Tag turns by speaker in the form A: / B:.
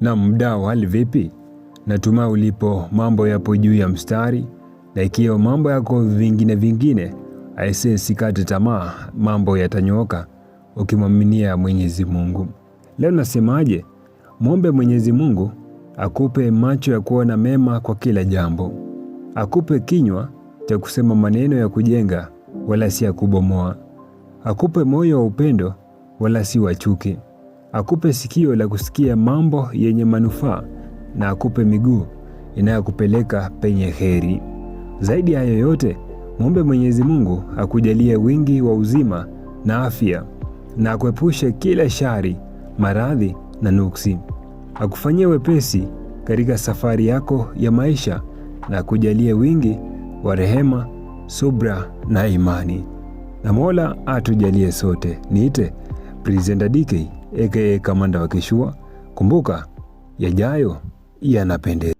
A: Na mdau, hali vipi? Natumai ulipo mambo yapo juu ya mstari, na ikiwa mambo yako vingine vingine, aisee, sikate tamaa, mambo yatanyooka ukimwaminia Mwenyezi Mungu. Leo nasemaje? Mwombe Mwenyezi Mungu akupe macho ya kuona mema kwa kila jambo, akupe kinywa cha kusema maneno ya kujenga wala si ya kubomoa, akupe moyo wa upendo wala si wa chuki akupe sikio la kusikia mambo yenye manufaa na akupe miguu inayokupeleka penye heri. Zaidi ya hayo yote, mwombe Mwenyezi Mungu akujalie wingi wa uzima na afya na akuepushe kila shari, maradhi na nuksi, akufanyie wepesi katika safari yako ya maisha na akujalie wingi wa rehema, subra na imani, na Mola atujalie sote. Niite Presenter DK aka kamanda wa kishua. Kumbuka yajayo yanapendeza.